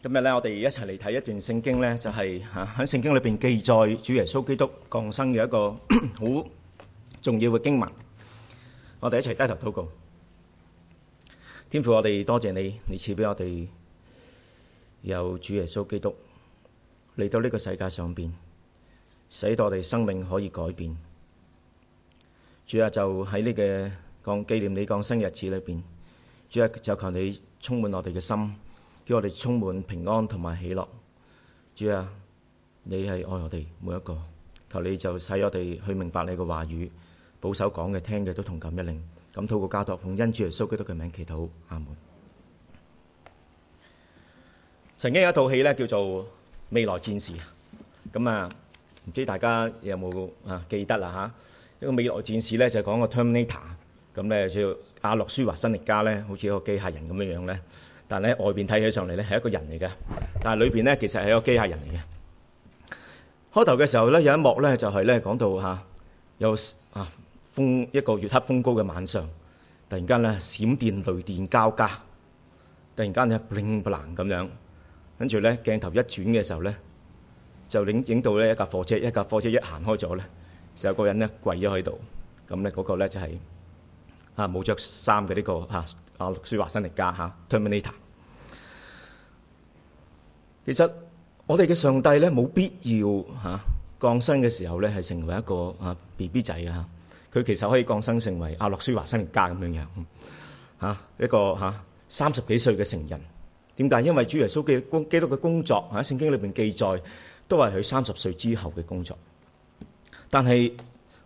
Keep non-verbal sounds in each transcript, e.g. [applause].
今日咧，我哋一齊嚟睇一段聖經咧，就係吓喺聖經裏邊記載主耶穌基督降生嘅一個好 [coughs] 重要嘅經文。我哋一齊低頭禱告，天父，我哋多謝你，你賜俾我哋有主耶穌基督嚟到呢個世界上邊，使到我哋生命可以改變。主啊，就喺呢個講紀念你降生日子裏邊，主啊，就求你充滿我哋嘅心。叫我哋充滿平安同埋喜樂，主啊，你係愛我哋每一個，求你就使我哋去明白你嘅話語，保守講嘅聽嘅都同感一靈，咁透過加托奉恩主耶穌基督得佢名，祈禱阿門。曾經有一套戲咧叫做《未來戰士》，咁、嗯、啊，唔知大家有冇啊記得啦嚇？一個未來戰士咧就係、講個 Terminator，咁、嗯、咧叫阿諾舒華辛力加咧，好似一個機械人咁樣樣咧。但係喺外邊睇起上嚟咧係一個人嚟嘅，但係裏邊咧其實係個機械人嚟嘅。開頭嘅時候咧有一幕咧就係、是、咧講到嚇、啊、有啊風一個月黑風高嘅晚上，突然間咧閃電雷電交加，突然間咧 bling bling 咁樣，跟住咧鏡頭一轉嘅時候咧就影影到咧一架貨車，車一架貨車一行開咗咧，就有個人咧跪咗喺度，咁咧嗰個咧就係、是。啊！冇着衫嘅呢個啊啊，諾、啊、舒華辛力加嚇、啊、，Terminator。其實我哋嘅上帝咧冇必要嚇、啊、降生嘅時候咧係成為一個啊 B B 仔嘅嚇，佢其實可以降生成為阿諾舒華辛力加咁樣樣嚇一個嚇三十幾歲嘅成人。點解？因為主耶穌基督嘅工作喺聖、啊、經裏邊記載，都係佢三十歲之後嘅工作。但係。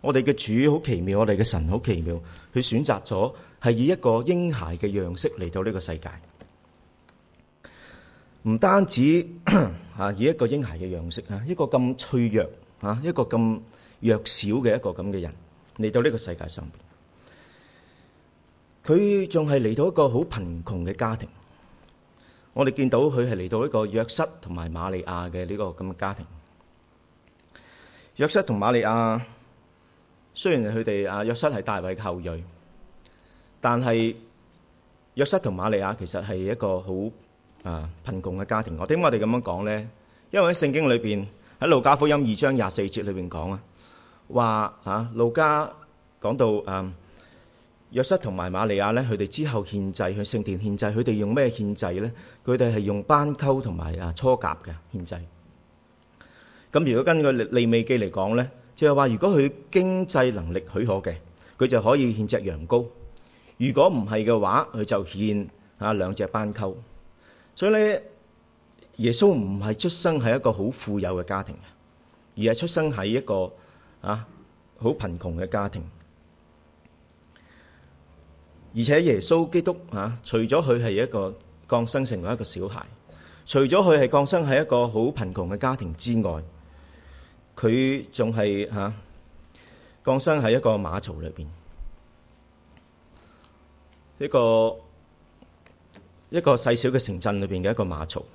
我哋嘅主好奇妙，我哋嘅神好奇妙，佢選擇咗係以一個嬰孩嘅樣式嚟到呢個世界。唔單止啊， [coughs] 以一個嬰孩嘅樣式啊，一個咁脆弱啊，一個咁弱小嘅一個咁嘅人嚟到呢個世界上邊，佢仲係嚟到一個好貧窮嘅家庭。我哋見到佢係嚟到一個約瑟同埋瑪利亞嘅呢個咁嘅家庭，約瑟同瑪利亞。雖然佢哋啊約瑟係大衛後裔，但係約瑟同瑪利亞其實係一個好啊貧窮嘅家庭。我點解我哋咁樣講咧？因為喺聖經裏邊喺路加福音二章廿四節裏邊講啊，話吓路加講到啊約瑟同埋瑪利亞咧，佢哋之後獻祭去聖殿獻祭，佢哋用咩獻祭咧？佢哋係用斑鳩同埋啊雛鴿嘅獻祭。咁如果根據利未記嚟講咧？就係話，如果佢經濟能力許可嘅，佢就可以獻隻羊羔；如果唔係嘅話，佢就獻啊兩隻斑鳩。所以咧，耶穌唔係出生喺一個好富有嘅家庭，而係出生喺一個啊好貧窮嘅家庭。而且耶穌基督啊，除咗佢係一個降生成為一個小孩，除咗佢係降生喺一個好貧窮嘅家庭之外，佢仲係嚇、啊、降生喺一個馬槽裏邊，一個一個細小嘅城鎮裏邊嘅一個馬槽。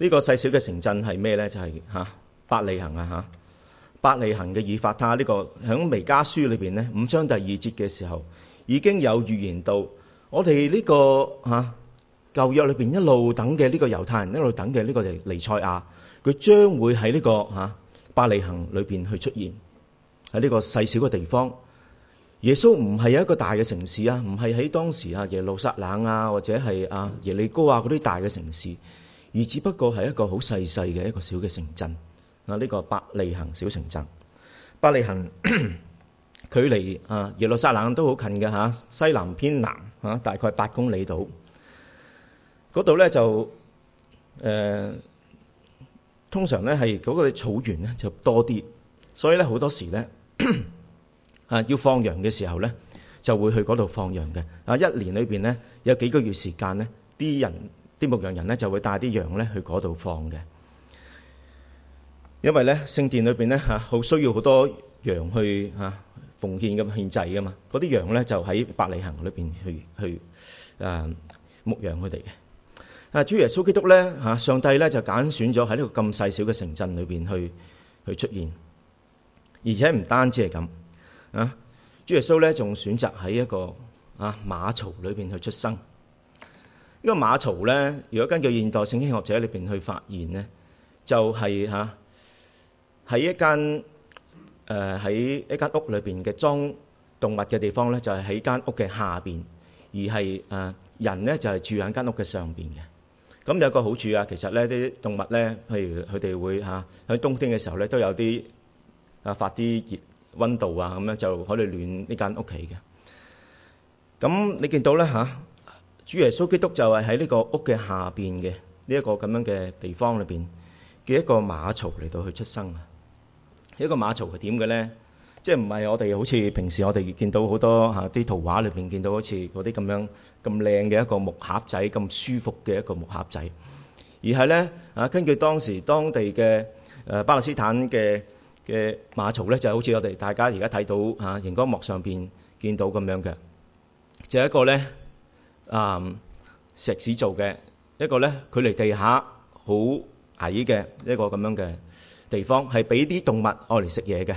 這個、呢個細小嘅城鎮係咩咧？就係嚇伯利恆啊嚇。伯利恆嘅以法他呢、這個喺《彌迦書》裏邊咧，五章第二節嘅時候已經有預言到，我哋呢、這個嚇舊、啊、約裏邊一路等嘅呢個猶太人一路等嘅呢個彌賽亞，佢將會喺呢、這個嚇。啊伯利恆裏邊去出現，喺呢個細小嘅地方，耶穌唔係有一個大嘅城市啊，唔係喺當時啊耶路撒冷啊或者係啊耶利哥啊嗰啲大嘅城市，而只不過係一個好細細嘅一個小嘅城鎮啊呢、這個伯利恆小城鎮。伯利恆 [coughs] 距離啊耶路撒冷都好近嘅吓、啊，西南偏南啊大概八公里度，嗰度咧就誒。呃通常咧係嗰個草原咧就多啲，所以咧好多時咧 [coughs] 啊要放羊嘅時候咧就會去嗰度放羊嘅。啊，一年裏邊咧有幾個月時間咧，啲人啲牧羊人咧就會帶啲羊咧去嗰度放嘅，因為咧聖殿裏邊咧嚇好需要好多羊去嚇奉獻咁獻祭㗎嘛，嗰啲羊咧就喺伯利恆裏邊去去誒、呃、牧羊佢哋嘅。啊，主耶穌基督咧，嚇上帝咧就揀選咗喺呢個咁細小嘅城鎮裏邊去去出現，而且唔單止係咁，啊，主耶穌咧仲選擇喺一個啊馬槽裏邊去出生。呢個馬槽咧，如果根據現代聖經學者裏邊去發現咧，就係吓喺一間誒喺一間屋裏邊嘅裝動物嘅地方咧，就係喺間屋嘅下邊，而係誒、呃、人咧就係、是、住喺間屋嘅上邊嘅。咁有個好處啊，其實咧啲動物咧，譬如佢哋會嚇喺冬天嘅時候咧，都有啲啊發啲熱温度啊，咁樣就可以暖呢間屋企嘅。咁你見到咧嚇，主耶穌基督就係喺呢個屋嘅下邊嘅呢一個咁樣嘅地方裏邊，嘅一個馬槽嚟到去出生啊！呢一個馬槽係點嘅咧？即係唔係我哋好似平時我哋見到好多嚇啲、啊、圖畫裏面見到好似嗰啲咁樣咁靚嘅一個木盒仔咁舒服嘅一個木盒仔，而係咧啊，根據當時當地嘅誒、呃、巴勒斯坦嘅嘅、呃、馬槽咧，就係好似我哋大家而家睇到嚇熒、啊、光幕上邊見到咁樣嘅，就係、一個咧啊、嗯、石屎做嘅一個咧距離地下好矮嘅一個咁樣嘅地方，係俾啲動物愛嚟食嘢嘅。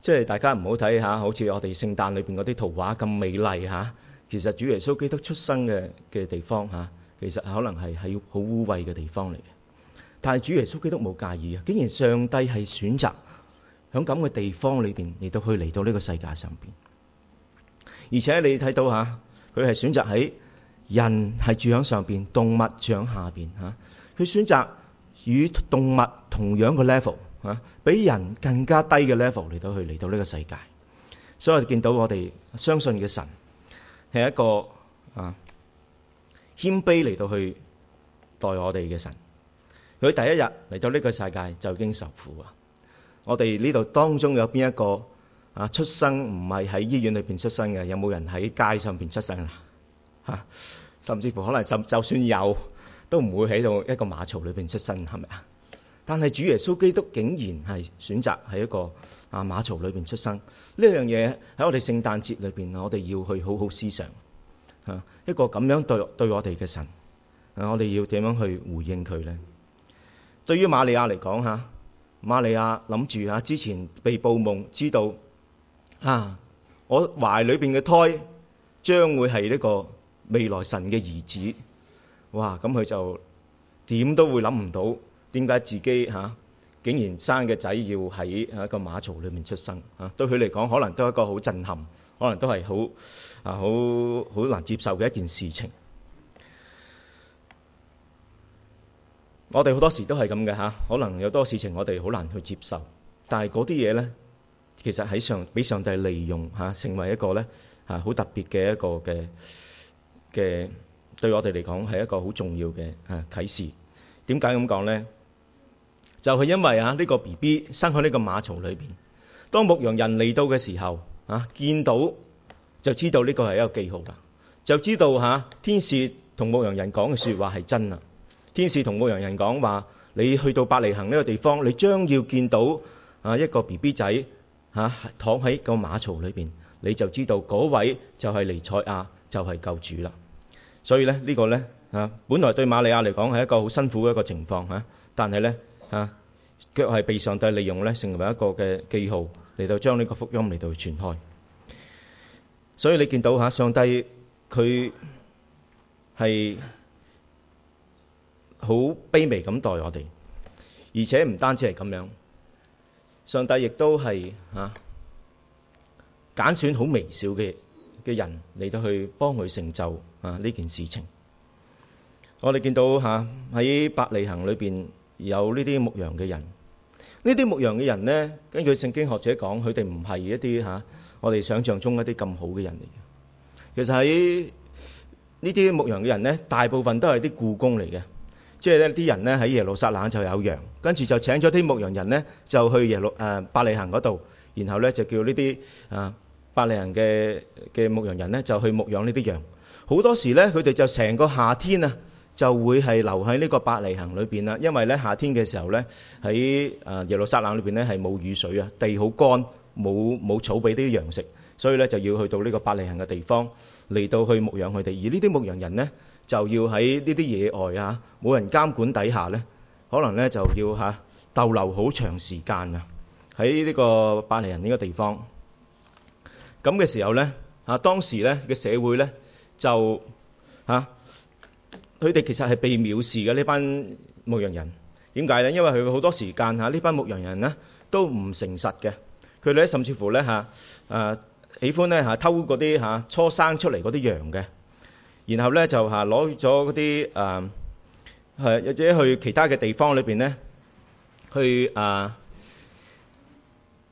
即係大家唔好睇下好似我哋聖誕裏邊嗰啲圖畫咁美麗嚇。其實主耶穌基督出生嘅嘅地方嚇，其實可能係係好污穢嘅地方嚟嘅。但係主耶穌基督冇介意啊！竟然上帝係選擇喺咁嘅地方裏邊嚟到去嚟到呢個世界上邊。而且你睇到嚇，佢係選擇喺人係住喺上邊，動物住喺下邊嚇。佢選擇與動物同樣嘅 level。比人更加低嘅 level 嚟到去嚟到呢個世界，所以我哋見到我哋相信嘅神係一個啊謙卑嚟到去待我哋嘅神。佢第一日嚟到呢個世界就已經受苦啊！我哋呢度當中有邊一個啊出生唔係喺醫院裏邊出生嘅？有冇人喺街上邊出生啊？吓，甚至乎可能就就算有，都唔會喺度一個馬槽裏邊出生，係咪啊？但係主耶穌基督竟然係選擇喺一個啊馬槽裏邊出生。呢樣嘢喺我哋聖誕節裏邊，我哋要去好好思想吓，一個咁樣對對我哋嘅神啊，我哋要點樣去回應佢咧？對於瑪利亞嚟講吓，瑪利亞諗住吓，之前被報夢知道啊，我懷裏邊嘅胎將會係呢個未來神嘅兒子，哇！咁佢就點都會諗唔到。點解自己嚇、啊、竟然生嘅仔要喺一個馬槽裏面出生嚇、啊？對佢嚟講，可能都係一個好震撼，可能都係好啊好好難接受嘅一件事情。我哋好多時都係咁嘅嚇，可能有多事情我哋好難去接受，但係嗰啲嘢咧，其實喺上俾上帝利用嚇、啊，成為一個咧嚇好特別嘅一個嘅嘅，對我哋嚟講係一個好重要嘅嚇啟示。點解咁講咧？就係因為啊呢、這個 B B 生喺呢個馬槽裏邊，當牧羊人嚟到嘅時候啊見到就知道呢個係一個記號噶，就知道吓天使同牧羊人講嘅說話係真啊。天使同牧羊人講話，你去到伯利恆呢個地方，你將要見到啊一個 B B 仔吓、啊、躺喺個馬槽裏邊，你就知道嗰位就係彌賽亞就係、是、救主啦。所以咧呢、這個呢，啊本來對馬利亞嚟講係一個好辛苦嘅一個情況吓、啊，但係咧。嚇，腳係被上帝利用咧，成為一個嘅記號嚟到將呢個福音嚟到傳開。所以你見到嚇，上帝佢係好卑微咁待我哋，而且唔單止係咁樣，上帝亦都係嚇揀選好微小嘅嘅人嚟到去幫佢成就啊呢件事情。我哋見到嚇喺、啊、伯利恆裏邊。有呢啲牧羊嘅人，呢啲牧羊嘅人咧，根據聖經學者講，佢哋唔係一啲嚇我哋想象中一啲咁好嘅人嚟嘅。其實喺呢啲牧羊嘅人咧，大部分都係啲僱工嚟嘅，即係咧啲人咧喺耶路撒冷就有羊，跟住就請咗啲牧羊人咧，就去耶路誒伯利恒嗰度，然後咧就叫呢啲啊伯利恒嘅嘅牧羊人咧，就去牧養呢啲羊。好多時咧，佢哋就成個夏天啊～就會係留喺呢個伯利恒裏邊啦，因為咧夏天嘅時候咧喺啊耶路撒冷裏邊咧係冇雨水啊，地好乾，冇冇草俾啲羊食，所以咧就要去到呢個伯利恒嘅地方嚟到去牧養佢哋。而呢啲牧羊人咧就要喺呢啲野外啊，冇人監管底下咧，可能咧就要嚇逗留好長時間啊，喺呢個伯利恒呢個地方。咁嘅時候咧，啊當時咧嘅社會咧就嚇。佢哋其實係被藐視嘅呢班牧羊人，點解咧？因為佢好多時間嚇，呢班牧羊人咧都唔誠實嘅，佢哋咧甚至乎咧嚇，誒喜歡咧嚇偷嗰啲嚇初生出嚟嗰啲羊嘅，然後咧就嚇攞咗嗰啲誒係，或者去其他嘅地方裏邊咧去誒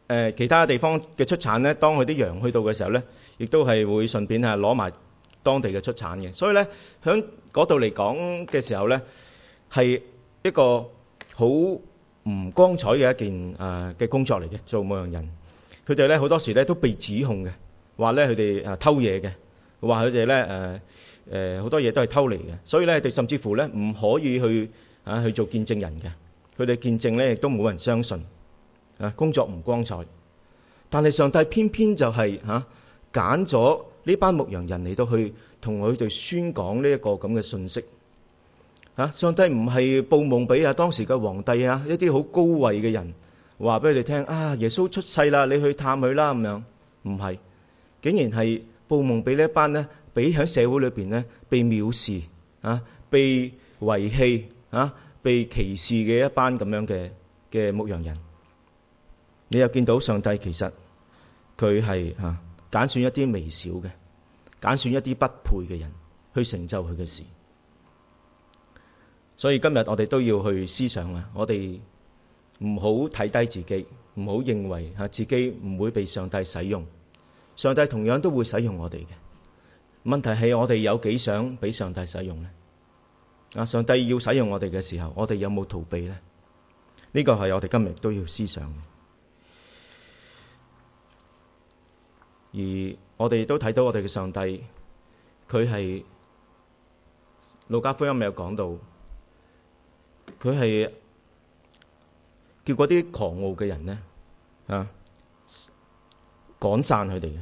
誒其他地方嘅出產咧，當佢啲羊去到嘅時候咧，亦都係會順便嚇攞埋當地嘅出產嘅，所以咧喺嗰度嚟講嘅時候咧，係一個好唔光彩嘅一件啊嘅工作嚟嘅，做牧羊人。佢哋咧好多時咧都被指控嘅，話咧佢哋誒偷嘢嘅，話佢哋咧誒誒好多嘢都係偷嚟嘅。所以咧，佢哋甚至乎咧唔可以去啊去做見證人嘅，佢哋見證咧亦都冇人相信啊。工作唔光彩，但係上帝偏偏就係嚇揀咗。呢班牧羊人嚟到去同佢哋宣講呢一個咁嘅信息，啊！上帝唔係報夢俾啊當時嘅皇帝啊，一啲好高位嘅人話俾佢哋聽啊，耶穌出世啦，你去探佢啦咁樣，唔係，竟然係報夢俾呢一班呢，俾喺社會裏邊呢，被藐視啊、被遺棄啊、被歧視嘅一班咁樣嘅嘅牧羊人，你又見到上帝其實佢係吓，揀選一啲微小嘅，揀選一啲不配嘅人去成就佢嘅事。所以今日我哋都要去思想啊！我哋唔好睇低自己，唔好認為吓自己唔會被上帝使用。上帝同樣都會使用我哋嘅。問題係我哋有幾想俾上帝使用呢？啊，上帝要使用我哋嘅時候，我哋有冇逃避呢？呢個係我哋今日都要思想嘅。而我哋都睇到，我哋嘅上帝，佢係《路加福音》咪有講到，佢係叫嗰啲狂傲嘅人咧，啊，趕散佢哋嘅；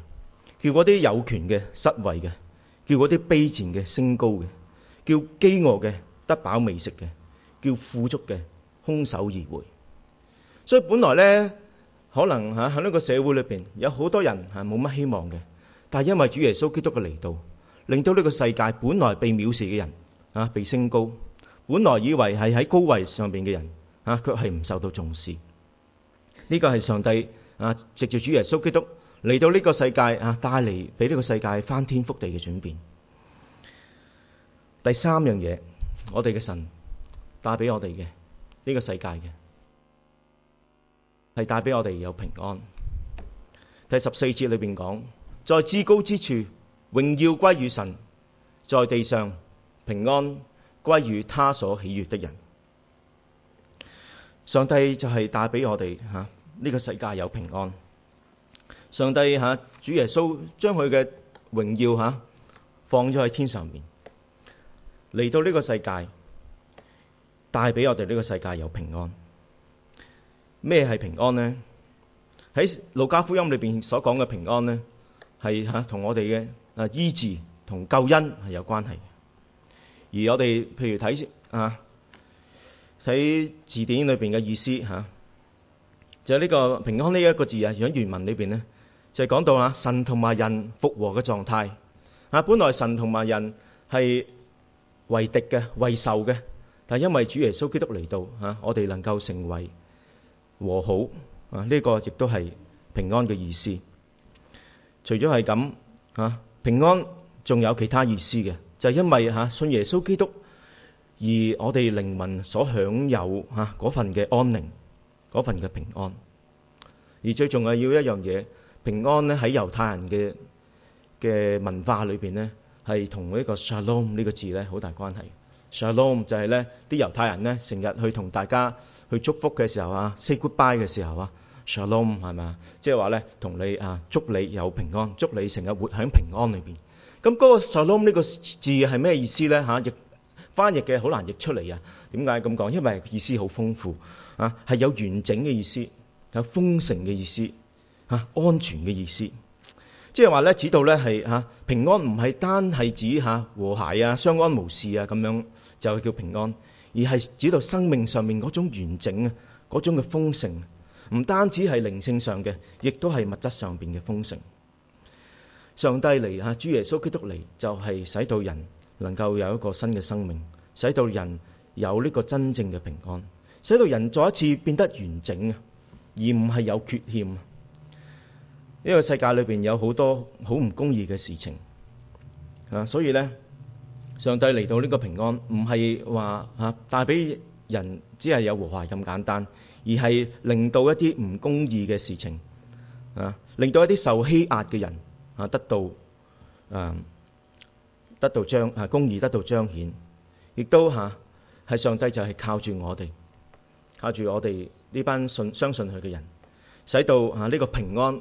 叫嗰啲有權嘅失位嘅；叫嗰啲卑賤嘅升高嘅；叫飢餓嘅得飽未食嘅；叫富足嘅空手而回。所以本來咧。可能嚇喺呢個社會裏邊有好多人係冇乜希望嘅，但係因為主耶穌基督嘅嚟到，令到呢個世界本來被藐視嘅人啊，被升高，本來以為係喺高位上邊嘅人啊卻係唔受到重視。呢、這個係上帝啊藉住，主耶穌基督嚟到呢個世界啊帶嚟俾呢個世界翻天覆地嘅轉變。第三樣嘢，我哋嘅神帶俾我哋嘅呢個世界嘅。係帶俾我哋有平安。第十四節裏邊講，在至高之處榮耀歸於神，在地上平安歸於他所喜悦的人。上帝就係帶俾我哋吓呢個世界有平安。上帝吓、啊、主耶穌將佢嘅榮耀吓、啊、放咗喺天上邊，嚟到呢個世界帶俾我哋呢個世界有平安。咩係平安呢？喺《路加福音》裏邊所講嘅平安呢，係嚇同我哋嘅啊醫治同救恩係有關係。而我哋譬如睇啊睇字典裏邊嘅意思嚇、啊，就係呢個平安呢一個字啊，喺原文裏邊呢，就係講到嚇、啊、神同埋人復和嘅狀態啊。本來神同埋人係為敵嘅、為仇嘅，但因為主耶穌基督嚟到嚇、啊，我哋能夠成為。和好啊！呢、這個亦都係平安嘅意思。除咗係咁嚇，平安仲有其他意思嘅，就係、是、因為嚇、啊、信耶穌基督而我哋靈魂所享有嚇嗰、啊、份嘅安寧，嗰份嘅平安。而最重要係要一樣嘢，平安咧喺猶太人嘅嘅文化裏邊咧，係同呢個 Shalom 呢個字咧好大關係。Shalom 就係咧，啲猶太人咧，成日去同大家去祝福嘅時候啊，say goodbye 嘅時候啊，Shalom 係咪啊？即係話咧，同你啊，祝你有平安，祝你成日活喺平安裏邊。咁嗰個 Shalom 呢個字係咩意思咧嚇？譯翻譯嘅好難譯出嚟啊！點解咁講？因為意思好豐富啊，係有完整嘅意思，有豐盛嘅意思，嚇，安全嘅意思。即係話咧，指到咧係吓平安，唔係單係指吓和諧啊、相安無事啊咁樣就叫平安，而係指到生命上面嗰種完整啊，嗰種嘅豐盛，唔單止係靈性上嘅，亦都係物質上邊嘅豐盛。上帝嚟吓，主耶穌基督嚟，就係、是、使到人能夠有一個新嘅生命，使到人有呢個真正嘅平安，使到人再一次變得完整啊，而唔係有缺陷。呢個世界裏邊有好多好唔公義嘅事情啊，所以咧，上帝嚟到呢個平安，唔係話吓帶俾人只係有和諧咁簡單，而係令到一啲唔公義嘅事情啊，令到一啲受欺壓嘅人啊，得到誒、啊、得到彰啊公義得到彰顯，亦都吓喺、啊、上帝就係靠住我哋，靠住我哋呢班信相信佢嘅人，使到吓呢、啊這個平安。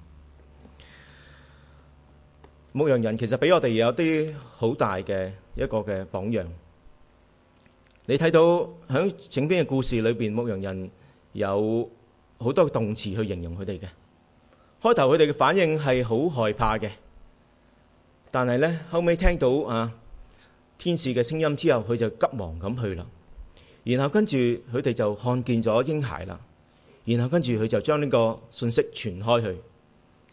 牧羊人其實俾我哋有啲好大嘅一個嘅榜樣。你睇到響整篇嘅故事裏邊，牧羊人有好多動詞去形容佢哋嘅。開頭佢哋嘅反應係好害怕嘅，但係咧後尾聽到啊天使嘅聲音之後，佢就急忙咁去啦。然後跟住佢哋就看見咗嬰孩啦。然後跟住佢就將呢個信息傳開去，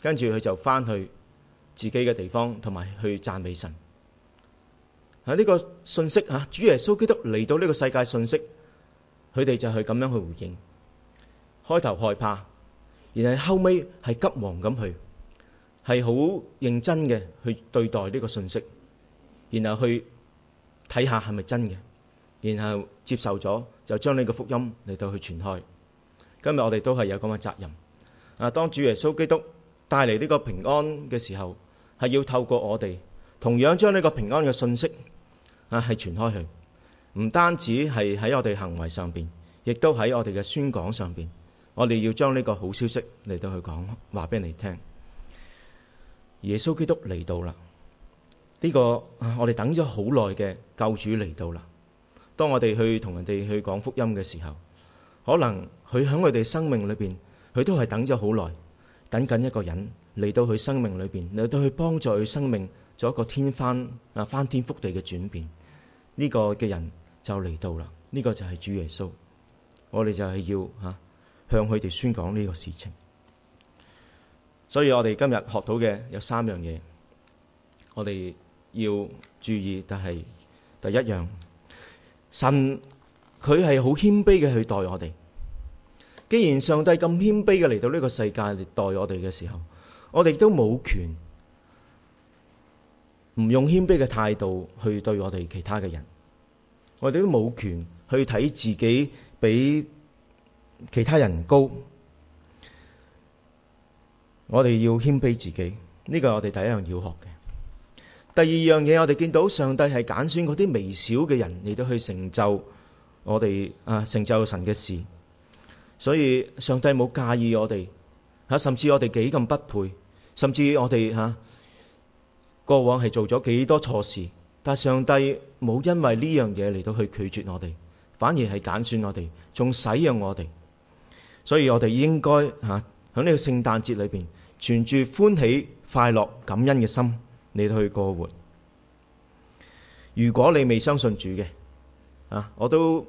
跟住佢就返去自己嘅地方，同埋去讚美神。喺，啊，呢個信息吓，啊，主耶穌基督嚟到呢個世界，信息佢哋就係咁樣去回應。開頭害怕，然後後尾係急忙咁去，係好認真嘅去對待呢個信息，然後去睇下係咪真嘅，然後接受咗就將呢個福音嚟到去傳開。今日我哋都係有咁嘅責任。啊，當主耶穌基督帶嚟呢個平安嘅時候。係要透過我哋，同樣將呢個平安嘅信息啊，係傳開去，唔單止係喺我哋行為上邊，亦都喺我哋嘅宣講上邊，我哋要將呢個好消息嚟到去講，話俾你聽。耶穌基督嚟到啦，呢個我哋等咗好耐嘅救主嚟到啦。當我哋去同人哋去講福音嘅時候，可能佢喺我哋生命裏邊，佢都係等咗好耐。等緊一個人嚟到佢生命裏邊，嚟到去幫助佢生命做一個天翻啊翻天覆地嘅轉變，呢個嘅人就嚟到啦，呢個就係主耶穌，我哋就係要吓向佢哋宣講呢個事情。所以我哋今日學到嘅有三樣嘢，我哋要注意，但係第一樣，神佢係好謙卑嘅去待我哋。既然上帝咁謙卑嘅嚟到呢個世界嚟待我哋嘅時候，我哋都冇權唔用，用謙卑嘅態度去對我哋其他嘅人，我哋都冇權去睇自己比其他人高，我哋要謙卑自己，呢個係我哋第一樣要學嘅。第二樣嘢，我哋見到上帝係揀選嗰啲微小嘅人嚟到去成就我哋啊成就神嘅事。所以上帝冇介意我哋，吓甚至我哋幾咁不配，甚至我哋吓過往係做咗幾多錯事，但上帝冇因為呢樣嘢，嚟到去拒絕我哋，反而係揀選我哋，仲使用我哋。所以我哋應該吓喺呢個聖誕節裏邊，存住歡喜、快樂、感恩嘅心嚟到去過活。如果你未相信主嘅，啊！我都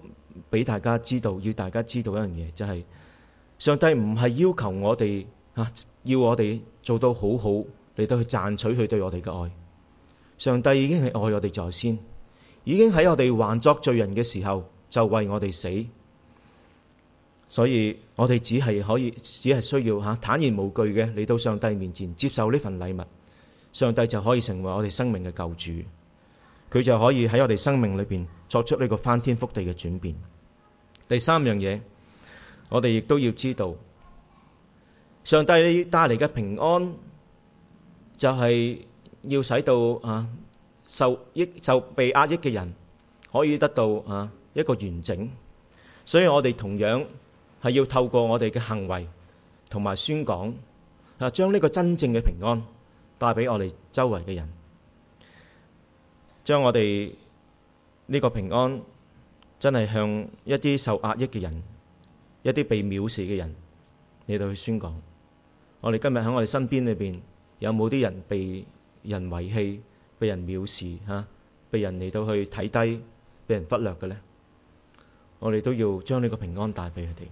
俾大家知道，要大家知道一樣嘢，就係、是，上帝唔係要求我哋啊，要我哋做到好好嚟到去賺取佢對我哋嘅愛。上帝已經係愛我哋在先，已經喺我哋還作罪人嘅時候就為我哋死。所以我哋只係可以，只係需要吓、啊、坦然無懼嘅嚟到上帝面前接受呢份禮物。上帝就可以成為我哋生命嘅救主，佢就可以喺我哋生命裏邊。作出呢個翻天覆地嘅轉變。第三樣嘢，我哋亦都要知道，上帝帶嚟嘅平安就係要使到啊受抑、受被壓抑嘅人可以得到啊一個完整。所以我哋同樣係要透過我哋嘅行為同埋宣講啊，將呢個真正嘅平安帶俾我哋周圍嘅人，將我哋。呢個平安真係向一啲受壓抑嘅人、一啲被藐視嘅人嚟到去宣講。我哋今日喺我哋身邊裏邊有冇啲人被人遺棄、被人藐視嚇、啊、被人嚟到去睇低、被人忽略嘅呢？我哋都要將呢個平安帶俾佢哋。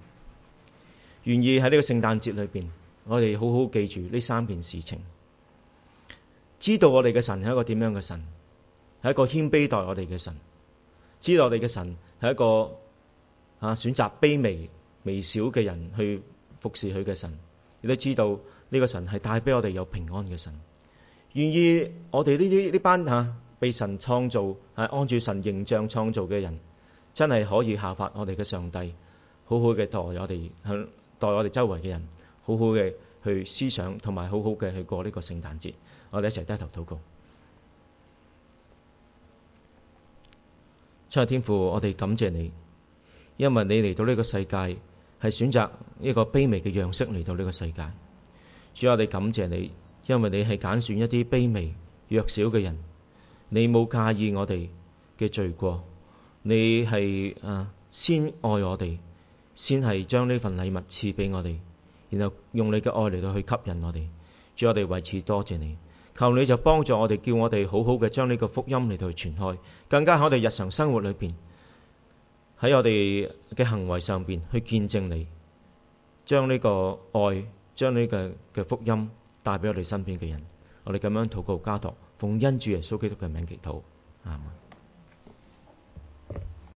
願意喺呢個聖誕節裏邊，我哋好好記住呢三件事情，知道我哋嘅神係一個點樣嘅神，係一個謙卑待我哋嘅神。知道我哋嘅神係一個啊，選擇卑微微小嘅人去服侍佢嘅神，亦都知道呢個神係帶畀我哋有平安嘅神。願意我哋呢啲呢班吓、啊、被神創造係、啊、按照神形象創造嘅人，真係可以效法我哋嘅上帝，好好嘅待我哋，肯待我哋周圍嘅人，好好嘅去思想同埋好好嘅去過呢個聖誕節。我哋一齊低頭禱告。真天父，我哋感謝你，因為你嚟到呢個世界，係選擇一個卑微嘅樣式嚟到呢個世界。所以我哋感謝你，因為你係揀選一啲卑微、弱小嘅人，你冇介意我哋嘅罪過，你係啊先愛我哋，先係將呢份禮物賜俾我哋，然後用你嘅愛嚟到去吸引我哋。主，我哋為此多謝你。求你就幫助我哋，叫我哋好好嘅將呢個福音嚟到傳開，更加喺我哋日常生活裏邊，喺我哋嘅行為上邊去見證你，將呢個愛，將呢個嘅福音帶俾我哋身邊嘅人，我哋咁樣禱告加，加托奉恩主耶穌基督嘅名祈禱，阿門。